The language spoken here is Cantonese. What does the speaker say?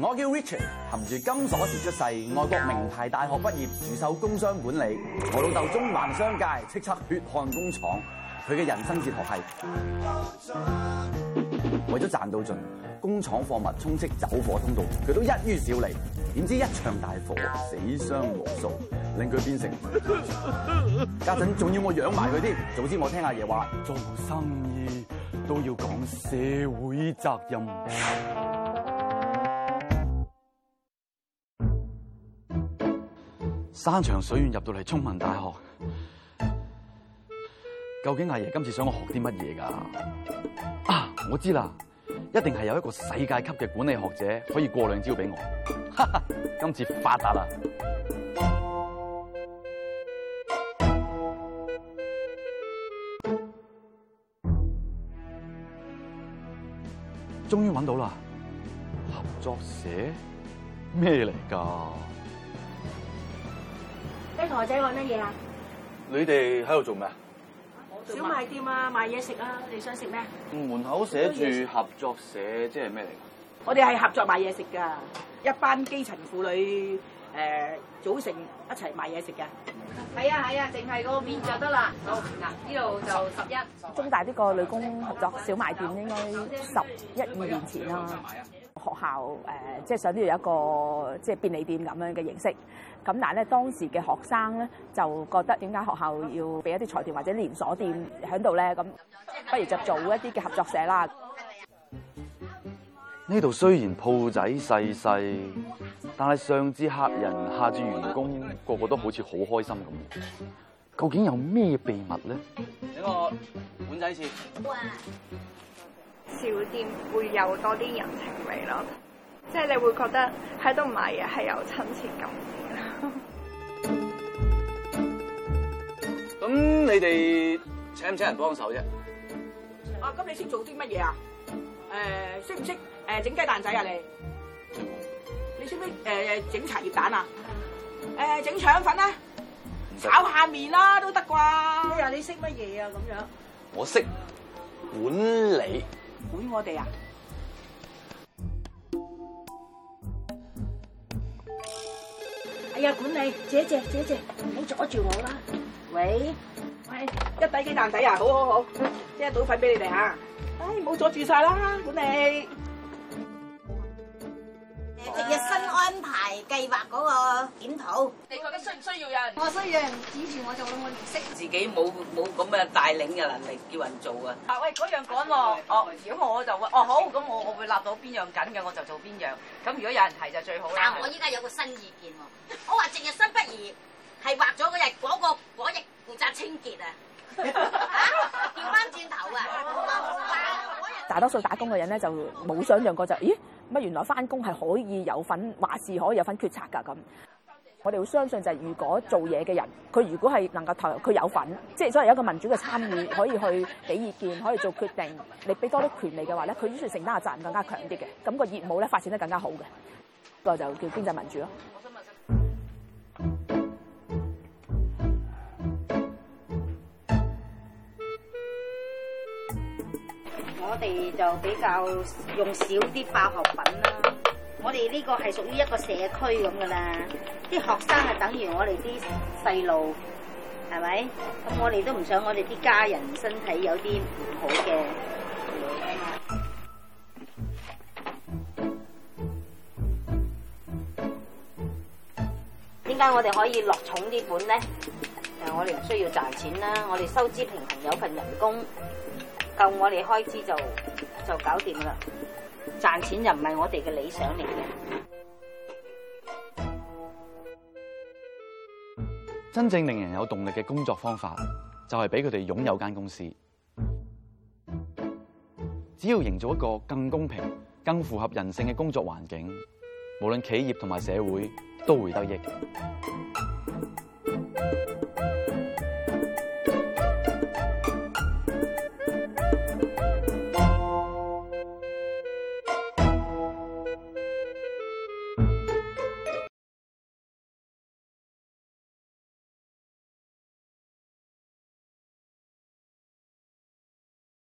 我叫 Richard，含住金鎖匙出世，外國名牌大學畢業，主修工商管理。我老豆中環商界，叱咤血汗工廠。佢嘅人生哲學係為咗賺到盡，工廠貨物充斥走火通道，佢都一於少理。點知一場大火，死傷無數，令佢變成家陣仲要我養埋佢添。早知我聽阿爺話，做生意都要講社會責任。山長水遠入到嚟中文大學，究竟阿爺今次想我學啲乜嘢噶？啊，我知啦，一定係有一個世界級嘅管理學者可以過兩招俾我。哈哈，今次發達啦！終於揾到啦，合作社咩嚟噶？台仔搵乜嘢啊？你哋喺度做咩啊？小賣店啊，賣嘢食啊。你想食咩啊？門口寫住合作社是什麼，即係咩嚟？我哋係合作賣嘢食㗎，一班基層婦女誒、呃、組成一齊賣嘢食㗎。係啊係啊，淨係個麵就得啦。好，嗱，呢度就十一。中大呢個女工合作小賣店應該十一二年前啦、啊。學校誒，即係想都要有一個即係便利店咁樣嘅形式。咁但係咧，當時嘅學生咧，就覺得點解學校要俾一啲財團或者連鎖店喺度咧？咁不如就做一啲嘅合作社啦。呢度雖然鋪仔細細，但係上至客人，下至員工，個個都好似好開心咁。究竟有咩秘密咧？呢個碗仔翅。小店會有多啲人情味咯，即係你會覺得喺度買嘢係有親切感啲。咁你哋請唔請人幫手啫、啊？啊，咁你識做啲乜嘢啊？誒，識唔識誒整雞蛋仔啊？你，你識唔識誒整茶葉蛋啊？誒、啊，整腸粉啊？不懂 炒下面啦、啊、都得啩、啊？你你識乜嘢啊？咁樣，我識管理。管我哋啊！哎呀，管理，姐姐，姐姐，唔好阻住我啦！喂喂，一底幾蛋仔啊！好好好，即係倒粉俾你哋吓！唉，唔好阻住晒啦，管理。平安。計劃嗰個檢討，你覺得需唔需要，需要有人？我需要人指住我做，我唔識自己冇冇咁嘅帶領嘅能力，叫人做啊！啊，喂，嗰樣講喎，哦、啊，啊、如果我就哦、啊啊、好，咁我我會立到邊樣緊嘅，我就做邊樣。咁如果有人提就最好啦。但、啊、我依家有個新意見喎，我話淨係，新不宜係畫咗嗰日嗰個嗰日負責清潔啊，調翻轉頭啊！ 大多數打工嘅人咧就冇想象過就咦乜原來返工係可以有份，話事，可以有份決策㗎咁。我哋會相信就係如果做嘢嘅人，佢如果係能夠投入，佢有份，即係所謂有一個民主嘅參與，可以去俾意見，可以做決定。你俾多啲權利嘅話咧，佢就算承擔嘅責任更加強啲嘅，咁個業務咧發展得更加好嘅。嗰就叫經濟民主咯。我哋就比較用少啲化學品啦。我哋呢個係屬於一個社區咁噶啦，啲學生係等於我哋啲細路，係咪？咁我哋都唔想我哋啲家人身體有啲唔好嘅嘢。點解我哋可以落重啲本咧？誒，我哋唔需要賺錢啦，我哋收支平衡，有份人工。夠我哋開支就就搞掂啦！賺錢又唔係我哋嘅理想嚟嘅。真正令人有動力嘅工作方法，就係俾佢哋擁有間公司。只要營造一個更公平、更符合人性嘅工作環境，無論企業同埋社會都會得益。